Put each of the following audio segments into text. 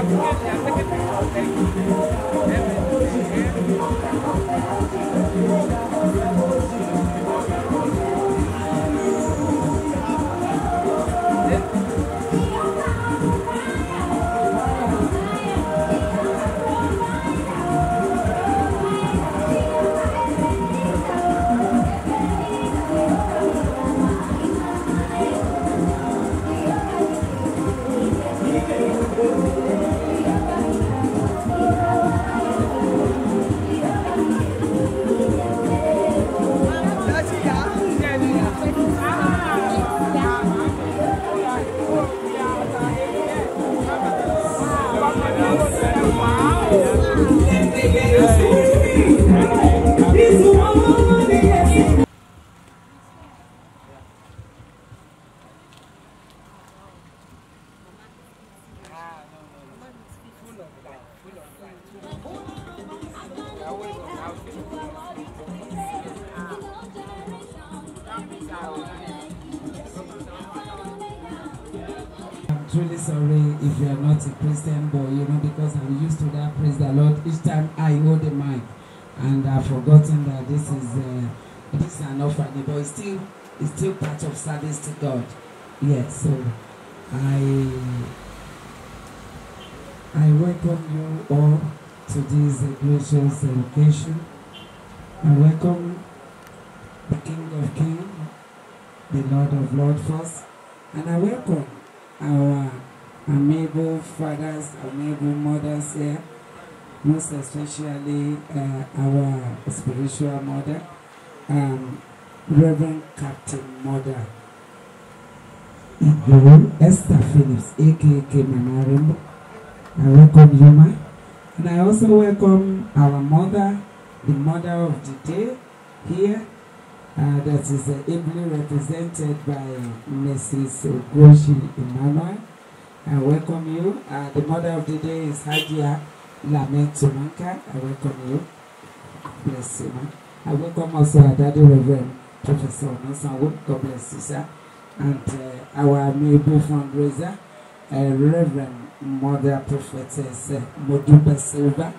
Obrigado, boy, you know, because I'm used to that, praise the Lord, each time I hold the mic. And I've forgotten that this is uh, this is an offering, but it's still, it's still part of service to God. Yes. so I I welcome you all to this gracious occasion. I welcome the King of Kings, the Lord of Lords first, and I welcome our amiable fathers, amiable mothers here, most especially uh, our spiritual mother, um, Reverend Captain Mother. Igbo Esther Phillips, aka Mama Rainbow. I welcome you, ma. And I also welcome our mother, the mother of the day here, uh, that is uh, ably represented by Mrs. Goshi Emmanuel. I welcome you. Uh, the mother of the day is Hajia Lament Tumanka. I welcome you. Bless you, ma. I welcome also our daddy Reverend Professor Nasanwo. God bless you, sir. And uh, our maybe fundraiser, uh, Reverend Mother Prophetess uh, Moduba Silva,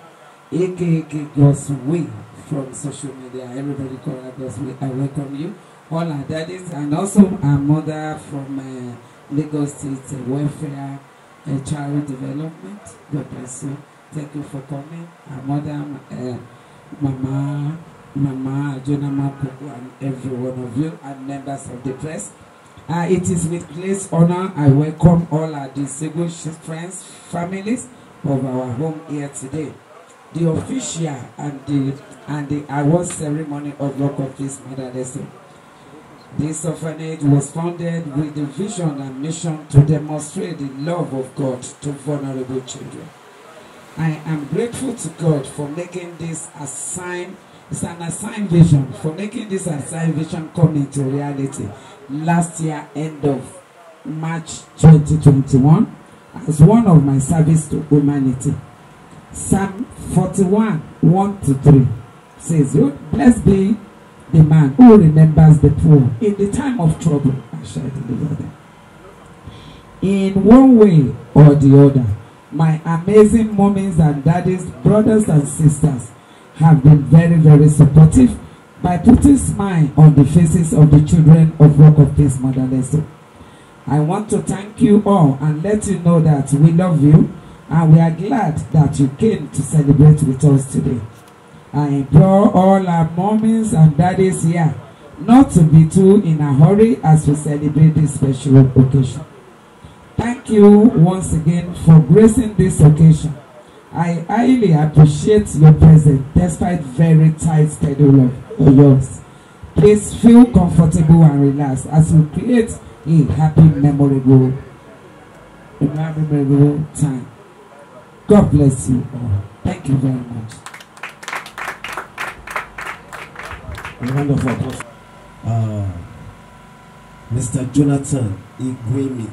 aka God's Way from social media. Everybody call her God's I welcome you. All our daddies and also our mother from. Uh, Lagos State Welfare and Child Development. God bless you. Thank you for coming. Our mother, uh, Mama, Mama Jonama Kuku, and every one of you, and members of the press. Uh, it is with great honor I welcome all our disabled friends, families of our home here today. The official and the and the award ceremony of Rock of Peace Mother Lesson This orphanage was founded with the vision and mission to demonstrate the love of God to vulnerable children. I am grateful to God for making this assigned, it's an assigned vision, for making this assigned vision come into reality last year, end of March 2021, as one of my service to humanity. Psalm 41, 1 to 3 says, Blessed be the man who remembers the poor in the time of trouble I shall deliver them. In one way or the other, my amazing mommies and daddies, brothers and sisters have been very, very supportive by putting smile on the faces of the children of Rock of Peace Motherless. I want to thank you all and let you know that we love you and we are glad that you came to celebrate with us today. I implore all our mommies and daddies here not to be too in a hurry as we celebrate this special occasion. Thank you once again for gracing this occasion. I highly appreciate your presence despite very tight schedule of, yours. Please feel comfortable and relaxed as we create a happy, memorable, memorable time. God bless you all. Thank you very much. A round Wonderful. Uh, Mr. Jonathan Igwemi,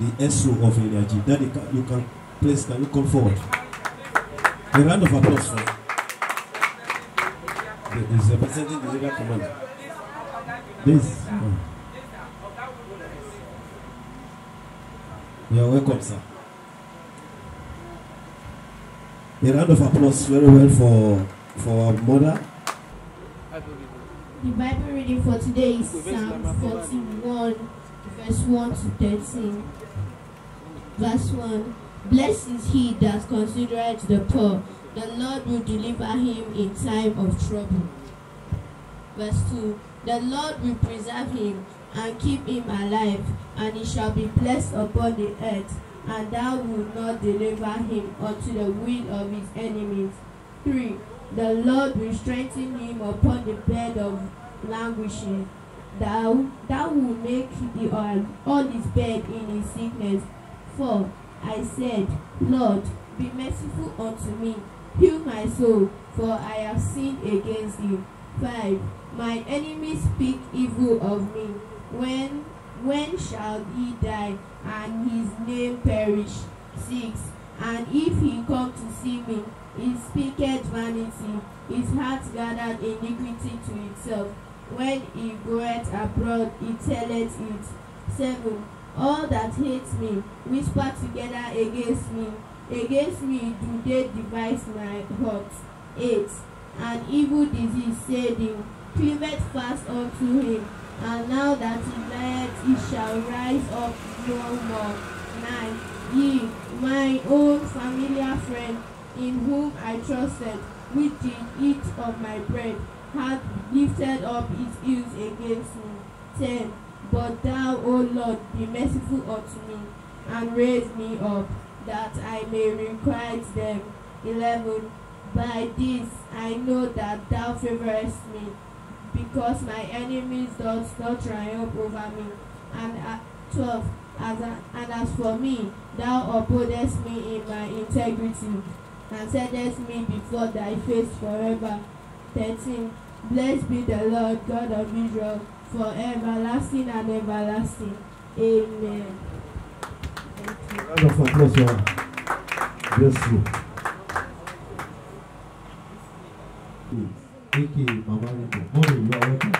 the SO of Energy. Daddy, you can please can you come forward? A round of applause for the is representing the leader command. This. Oh. You are welcome, sir. A round of applause very well for for our mother. The Bible reading for today is Psalm 41, verse 1 to 13. Verse 1 Blessed is he that considereth the poor, the Lord will deliver him in time of trouble. Verse 2 The Lord will preserve him and keep him alive, and he shall be blessed upon the earth, and thou wilt not deliver him unto the will of his enemies. 3 The Lord will strengthen him upon the bed of languishing. Thou, thou will make the oil on his bed in his sickness. For I said, Lord, be merciful unto me, heal my soul, for I have sinned against thee. 5. My enemies speak evil of me. When when shall he die and his name perish? 6. And if he come to see me, It speaketh vanity, his heart gathered iniquity to itself. When he goeth abroad, he telleth it. 7. All that hate me whisper together against me. Against me do they devise my heart. 8. An evil disease said him, cleaveth fast unto him, and now that he lieth, he shall rise up no more. 9. Ye, my own familiar friend, in whom I trusted, which did eat of my bread, hath lifted up his heels against me. 10. But thou, O Lord, be merciful unto me, and raise me up, that I may requite them. 11. By this I know that thou favorest me, because my enemies doth not triumph over me. And uh, 12. As a, and as for me, thou upholdest me in my integrity and saddest me before thy face forever. 13. Blessed be the Lord God of Israel for everlasting and everlasting. Amen. Thank you. Bless you. Thank you, Mama Rico. Mommy, you are welcome.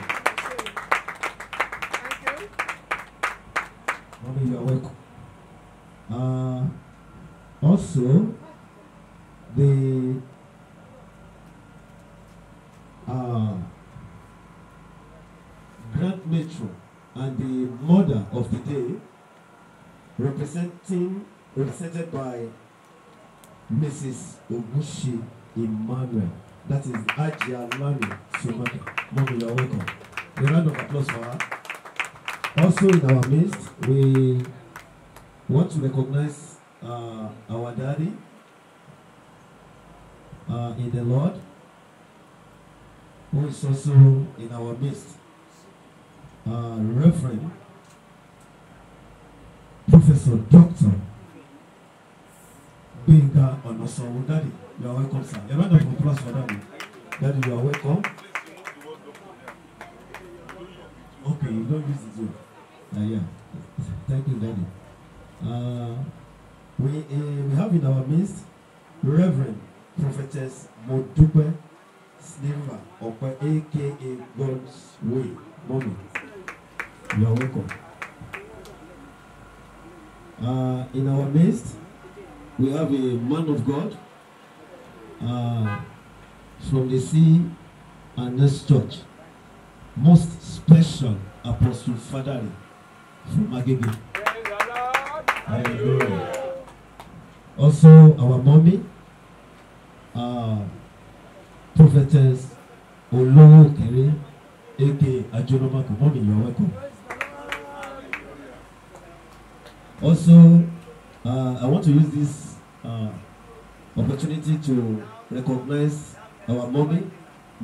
Thank you. Mommy, you are welcome. Uh, also, is Obushi Emmanuel. That is Ajia Lani Sumaka. you're welcome. A round of applause for her. Also in our midst, we want to recognize uh, our daddy uh, in the Lord, who is also in our midst, uh, Reverend Professor Doctor Mr. Onosowo. Daddy, you are welcome, sir. A round of applause for Daddy. Daddy, you are welcome. Okay, you don't use the joke. Uh, ah, yeah. Thank you, Daddy. Uh, we, uh, we have in our midst Reverend Prophetess Modupe Sniva, Opa, a.k.a. God's Way. Mommy, you are welcome. Uh, in our midst, we have a man of God uh, from the sea and next church, most special Apostle Fadari from Agege. Also, our mommy, uh, prophetess Olowo Kere, aka Ajonomako. Mommy, you welcome. Also, I want to use this uh, opportunity to recognize our mommy,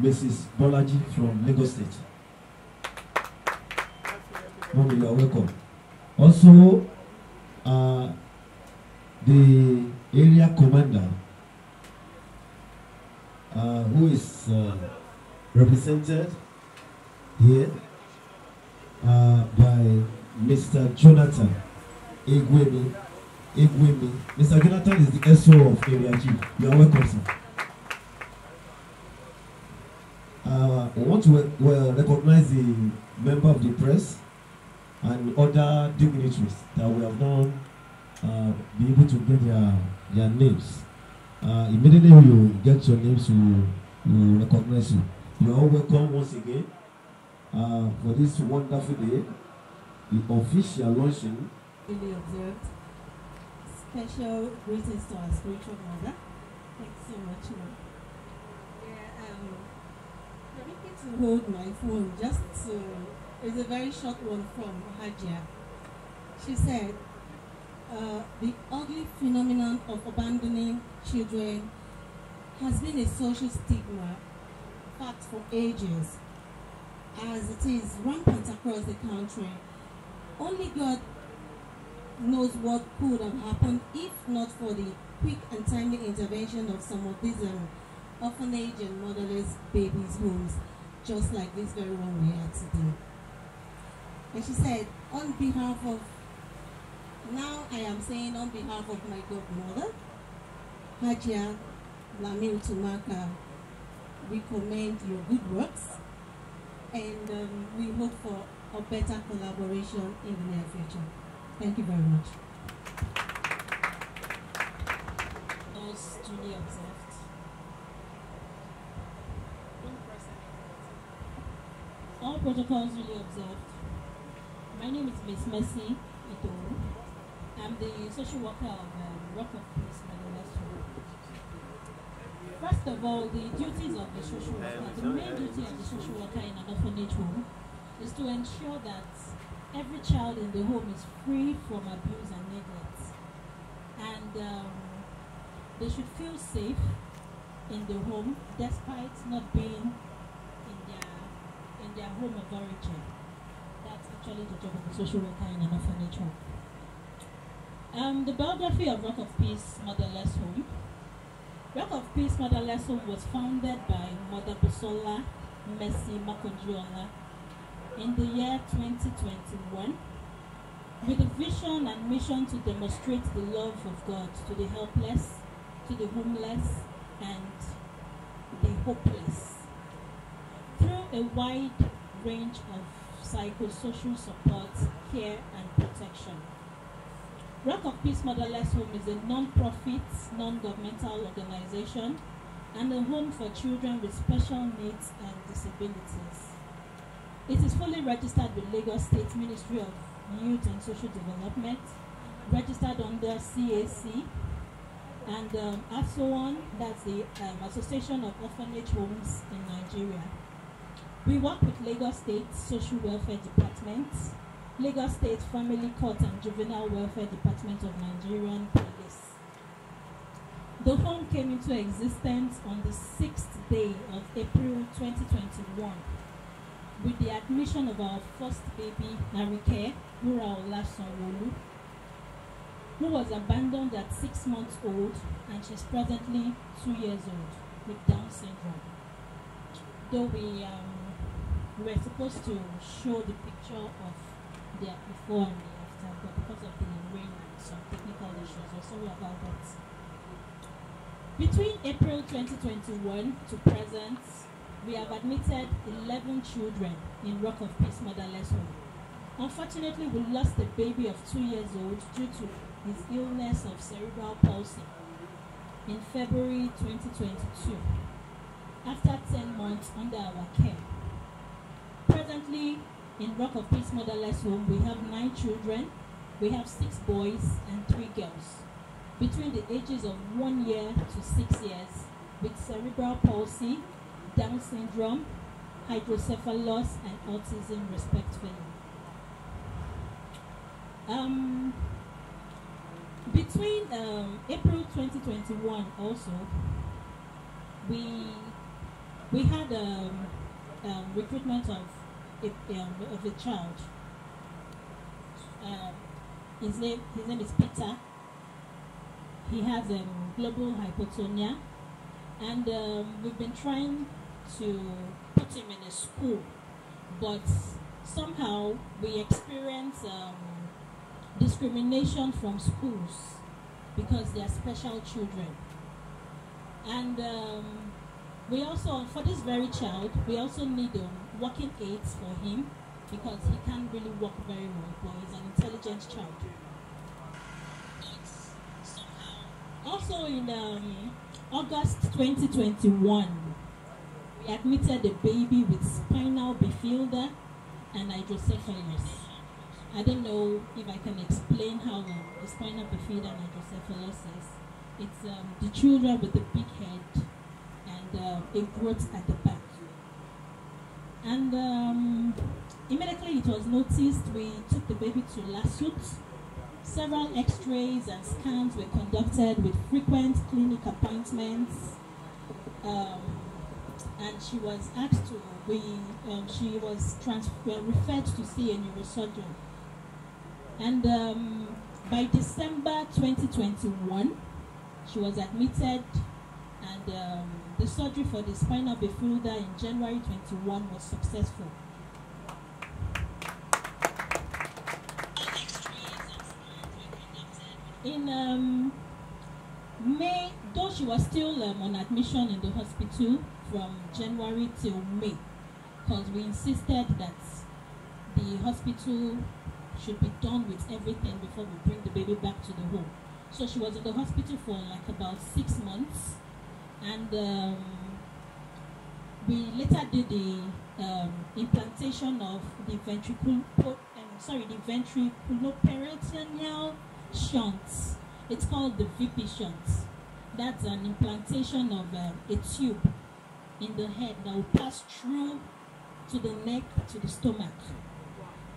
Mrs. Bolaji from Lagos State. Mommy, you are welcome. Also, uh, the area commander uh, who is uh, represented here uh, by Mr. Jonathan Igwemi Egwemi. Mr. Jonathan is the SO of Area G. You are welcome, sir. Uh, I want to well, recognize the member of the press and other dignitaries that we have not uh, been able to get their, their names. Uh, immediately you get your names, we will recognize you. You are all welcome once again uh, for this wonderful day, the official launching. Really observed. Special greetings to our spiritual mother. Thanks so much, Mom. Yeah, um, permit to hold my phone just to, it's a very short one from Hajia. She said, uh, the ugly phenomenon of abandoning children has been a social stigma fact for ages as it is rampant across the country. Only God knows what could have happened if not for the quick and timely intervention of some of these um, orphanage and motherless babies' homes, just like this very one we are today. And she said, on behalf of, now I am saying on behalf of my godmother, Hajia Lamil Tumaka, we commend your good works and um, we hope for a better collaboration in the near future. Thank you very much. All duly observed. All protocols duly really observed. My name is Miss Mercy Ito. I'm the social worker of um, Rock of Peace, First of all, the duties of the social worker, the main duty of the social worker in an orphanage home is to ensure that every child in the home is free from abuse and neglect. And um, they should feel safe in the home despite not being in their, in their home of origin. That's actually the job of a social worker in an orphanage home. Um, the biography of Rock of Peace Motherless Home. Rock of Peace Motherless Home was founded by Mother Busola Messi Makonjuola in the year 2021 with a vision and mission to demonstrate the love of God to the helpless, to the homeless, and the hopeless through a wide range of psychosocial support, care, and protection. Rock of Peace Motherless Home is a non-profit, non-governmental organization and a home for children with special needs and disabilities. It is fully registered with Lagos State Ministry of Youth and Social Development, registered under CAC, and um, ASOON, that's the um, Association of Orphanage Homes in Nigeria. We work with Lagos State Social Welfare Department, Lagos State Family Court and Juvenile Welfare Department of Nigerian Police. The home came into existence on the 6th day of April 2021 with the admission of our first baby, Narike Mura Olasanwolu, who was abandoned at six months old and she's presently two years old with Down syndrome. Though we, um, were supposed to show the picture of their before and the after, but because of the rain and some technical issues, we're sorry about that. Between April 2021 to present, we have admitted 11 children in Rock of Peace Motherless Home. Unfortunately, we lost a baby of two years old due to his illness of cerebral palsy in February 2022, after 10 months under our care. Presently, in Rock of Peace Motherless Home, we have nine children. We have six boys and three girls, between the ages of one year to six years, with cerebral palsy down syndrome, hydrocephalus, and autism, respectively. Um, between um, April 2021, also, we we had a um, um, recruitment of a, um, of a child. his name his name is Peter. He has um, global hypotonia, and um, we've been trying to put him in a school, but somehow we experience um, discrimination from schools because they are special children. And um, we also, for this very child, we also need um, walking aids for him because he can't really walk very well, but he's an intelligent child. Also in um, August 2021, we admitted the baby with spinal bifida and hydrocephalus. I don't know if I can explain how the spinal bifida and hydrocephalus is. It's um, the children with the big head and uh, a at the back. And um, immediately it was noticed, we took the baby to Lasut. Several x-rays and scans were conducted with frequent clinic appointments. Um, and she was asked to be, um, she was trans- well, uh, referred to see a neurosurgeon. And um, by December 2021, she was admitted, and um, the surgery for the spinal bifida in January 21 was successful. In um, May, though she was still um, on admission in the hospital, from January till May because we insisted that the hospital should be done with everything before we bring the baby back to the home. So she was in the hospital for like about six months, and um, we later did the um, implantation of the ventricle, um, sorry, the ventriculoperitoneal shunts. It's called the VP shunts. That's an implantation of um, a tube in the head that will pass through to the neck, to the stomach.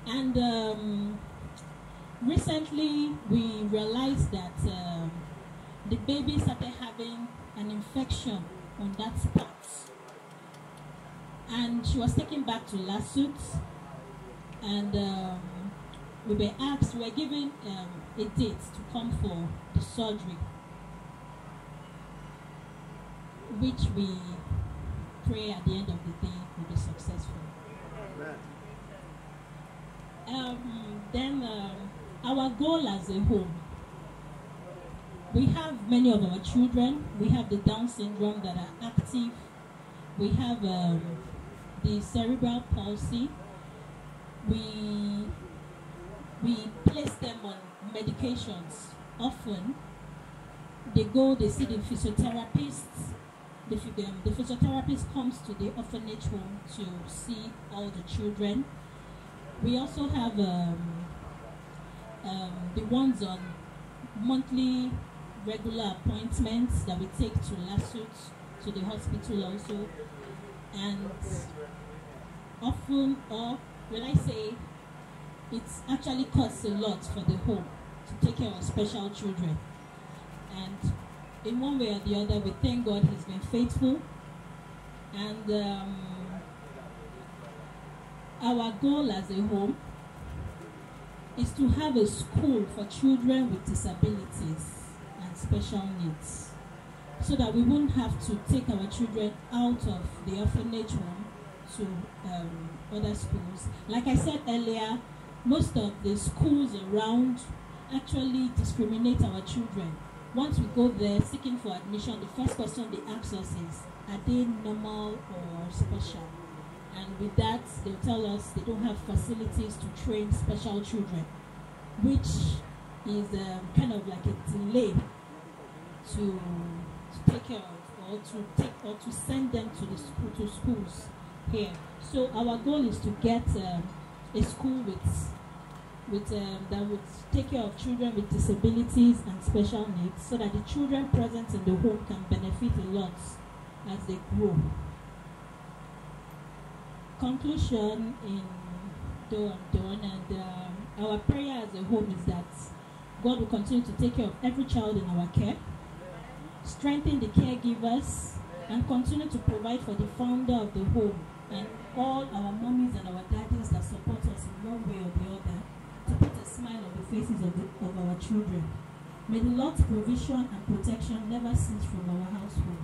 And um, recently we realized that um, the baby started having an infection on that spot. And she was taken back to Lasut and um, we were asked, we were given um, a date to come for the surgery, which we pray at the end of the day will be successful. Um, then um, our goal as a whole. We have many of our children. We have the Down syndrome that are active. We have um, the cerebral palsy. We we place them on medications often. They go, they see the physiotherapists, the, um, the physiotherapist comes to the orphanage home to see all the children. We also have um, um, the ones on monthly regular appointments that we take to lawsuits to the hospital also. And often, or will I say, it actually costs a lot for the home to take care of special children. And in one way or the other, we thank God He's been faithful. And um, our goal as a home is to have a school for children with disabilities and special needs so that we wouldn't have to take our children out of the orphanage home to um, other schools. Like I said earlier, most of the schools around actually discriminate our children once we go there seeking for admission, the first question they ask us is, are they normal or special? And with that, they'll tell us they don't have facilities to train special children, which is um, kind of like a delay to, to take care of or to take or to send them to the school, to schools here. So our goal is to get um, a school with with, um, that would take care of children with disabilities and special needs so that the children present in the home can benefit a lot as they grow. Conclusion in though and done and um, our prayer as a home is that God will continue to take care of every child in our care, strengthen the caregivers, and continue to provide for the founder of the home and all our mummies and our daddies that support us in one way or the other. smile on the faces of, the, of our children. May the Lord's provision and protection never cease from our household.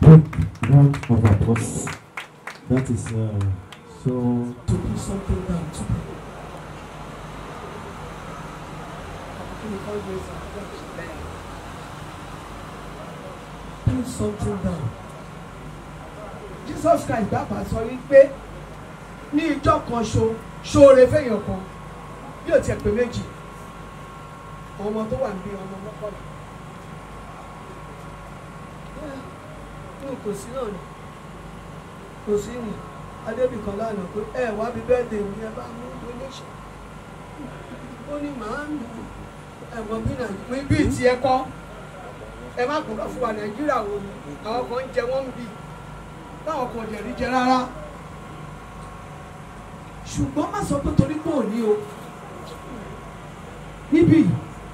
Big round of applause. That is uh, so. To do something down to Put something down. Jesus Christ bàbá sọ wípé ní ìjọ kan ṣo ṣoore fẹ́yàn kan bí ò tiẹ̀ pé méjì ọmọ tó wà níbi ọmọ mọ́kànlá kò sí náà kò sí ni adébìkan lánàá pé ẹ wá bí bẹ́ẹ̀dẹ̀ mi ẹ bá mú donation ó ní màá ń lu ẹ̀wọ̀n bí nàìjíríà bí tiẹ̀ kọ́ ẹ má kúrò fún wa nàìjíríà wo àwọn kan ń jẹ wọ́n ń bì báwọn kan ò jẹ̀rí jẹ rárá ṣùgbọ́n má sọ pé torí pé ò ní o níbí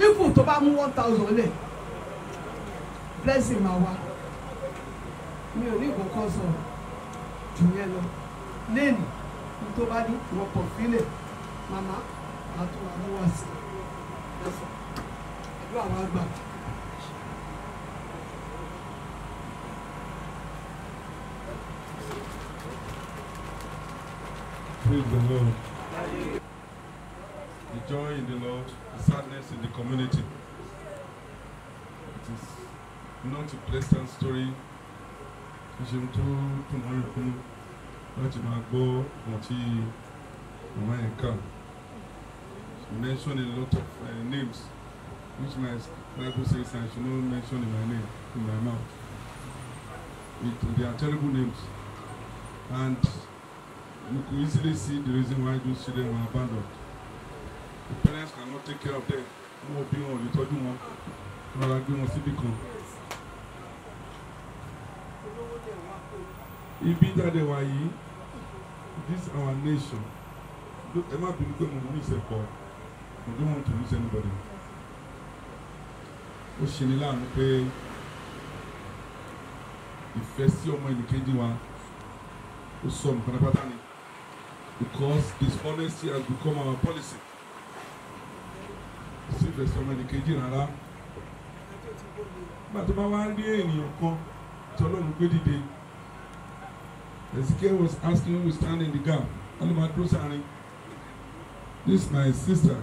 ifo tó bá mú one thousand lẹ̀ blessing máa wá mi ò ní ìkọ̀kọ̀ sọ jù yẹn lọ lẹ́nu ní tó bá ní wọ́n pọ̀ fílẹ̀ màmá àtúwàmúwàsí ẹ̀sọ́ àdúrà wa gbà. Praise the Lord. The joy in the Lord, the sadness in the community. It is not a pleasant story. Ìṣeun tó kùn lórí She mentioned a lot of uh, names which my Bible says I should not mention in my name, in my mouth. It, they are terrible names. And you could easily see the reason why those children were abandoned. The parents cannot take care of them. No wọ bí wọn ò lè No wọn. Wọ́n rà gbé wọn síbì kan. Ibi jáde wà yìí, this our nation. Ẹ má bínú pé money ní ìṣẹ̀pọ̀. I don't want to lose anybody. Ó ṣe ni láàánú pé ìfẹ́ sí ọmọ ẹnìkejì wa ó sọ nǹkan pátápátá ni because dishonesty has become our policy. Sífẹ̀sì ọmọnìkejì rárá. Nígbà tó bá wá rí ènìyàn kan tí Ọlọ́run gbé dìde. Ezekiel was asking who is standing in the gap. Ọlọ́mọ dúró sáárín. This my sister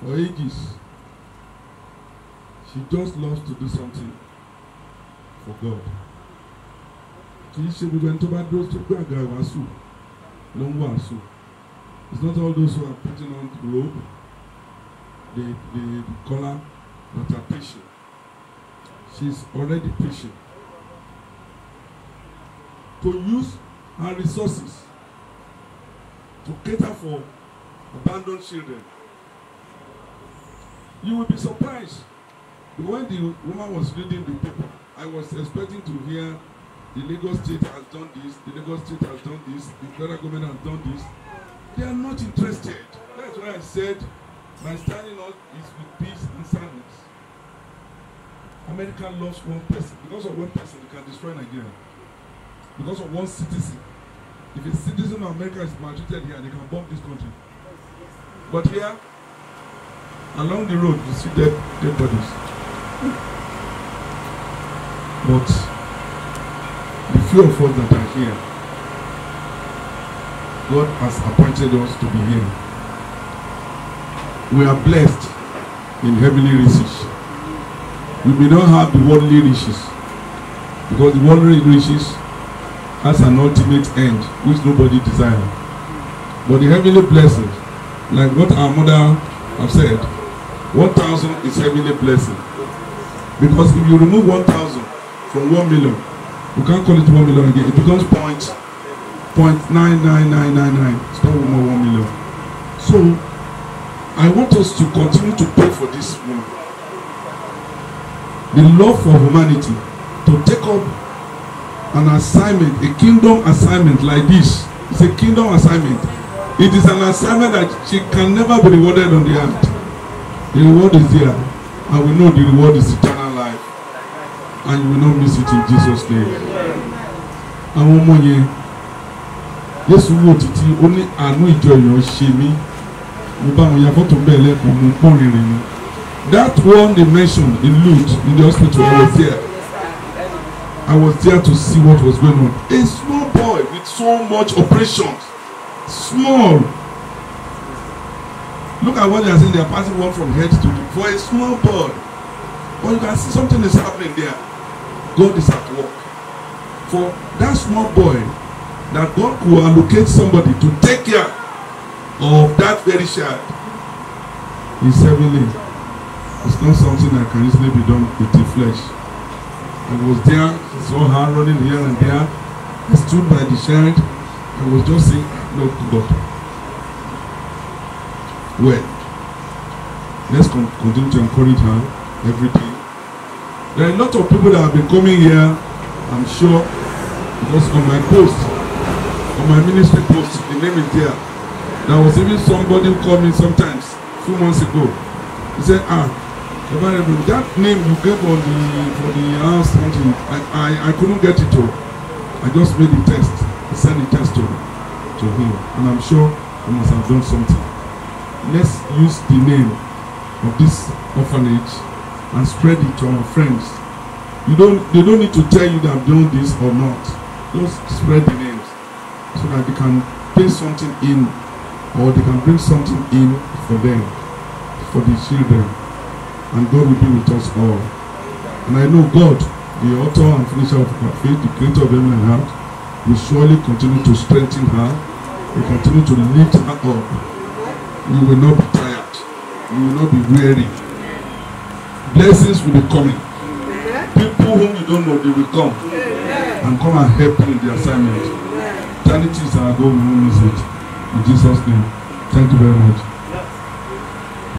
for ages. She just loves to do something for God kì í ṣe gbogbo ẹni tó bá dúró tó gbàgà wàásù ló ń wàásù it's not all those who are putting on the robe the the the collar but are patient She's already patient to use her resources to cater for abandoned children you will be surprised when the woman was reading the paper I was expecting to hear The Lagos state has done this, the Lagos state has done this, the federal government has done this. They are not interested. That's why I said my standing up is with peace and silence. America lost one person. Because of one person, they can destroy Nigeria. Because of one citizen. If a citizen of America is maltreated here, they can bomb this country. But here, along the road, you see dead, dead bodies. But few of us that are here, God has appointed us to be here. We are blessed in heavenly riches. We may not have the worldly riches, because the worldly riches has an ultimate end which nobody desires. But the heavenly blessings, like what our mother have said, 1,000 is heavenly blessing. Because if you remove 1,000 from 1 million, We can't call it one million again. It becomes point point nine nine nine nine nine. It's not more one million. So I want us to continue to pray for this woman. The love for humanity to take up an assignment, a kingdom assignment like this. It's a kingdom assignment. It is an assignment that she can never be rewarded on the earth. The reward is there, and we know the reward is eternal and you will not miss it in Jesus name àwọn ọmọ yẹn Jésù wò títí ó ní àánú ìjọ èèyàn ṣe mí mo bá wọn ya fọ́tò bẹ́ẹ̀ lẹ́kọ̀ọ́ mo pọ́n rìnrìn ni that one they mentioned in Lod in the hospital I was there I was there to see what was going on a small boy with so much operation small look at what they are saying they are passing one from head to toe for a small boy but you can see something is happening there God is at work. For that small boy, that God will allocate somebody to take care of that very child is heavenly. It's not something that can easily be done with the flesh. I was there, saw her running here and there. I stood by the child. I was just saying, no to God. Well, let's con continue to encourage her every day. There are a lot of people that have been coming here, I'm sure, because on my post, on my ministry post, the name is there. There was even somebody who called me sometimes, few months ago. He said, ah, Reverend, that name you gave on the, for the house, I, I, I couldn't get it all. I just made the test, I sent the test to, to him, and I'm sure he must have done something. Let's use the name of this orphanage and spread it to our friends. You don't, they don't need to tell you that I'm doing this or not. Just spread the names so that they can pay something in or they can bring something in for them, for the children. And God will be with us all. And I know God, the author and finisher of our faith, the creator of heaven and earth, will surely continue to strengthen her, will continue to lift her up. We will not be tired. We will not be weary. Blessings will be coming. People whom you don't know, they will come and come and help you in the assignment. Eternity is our goal, we will miss it. In Jesus' name, thank you very much.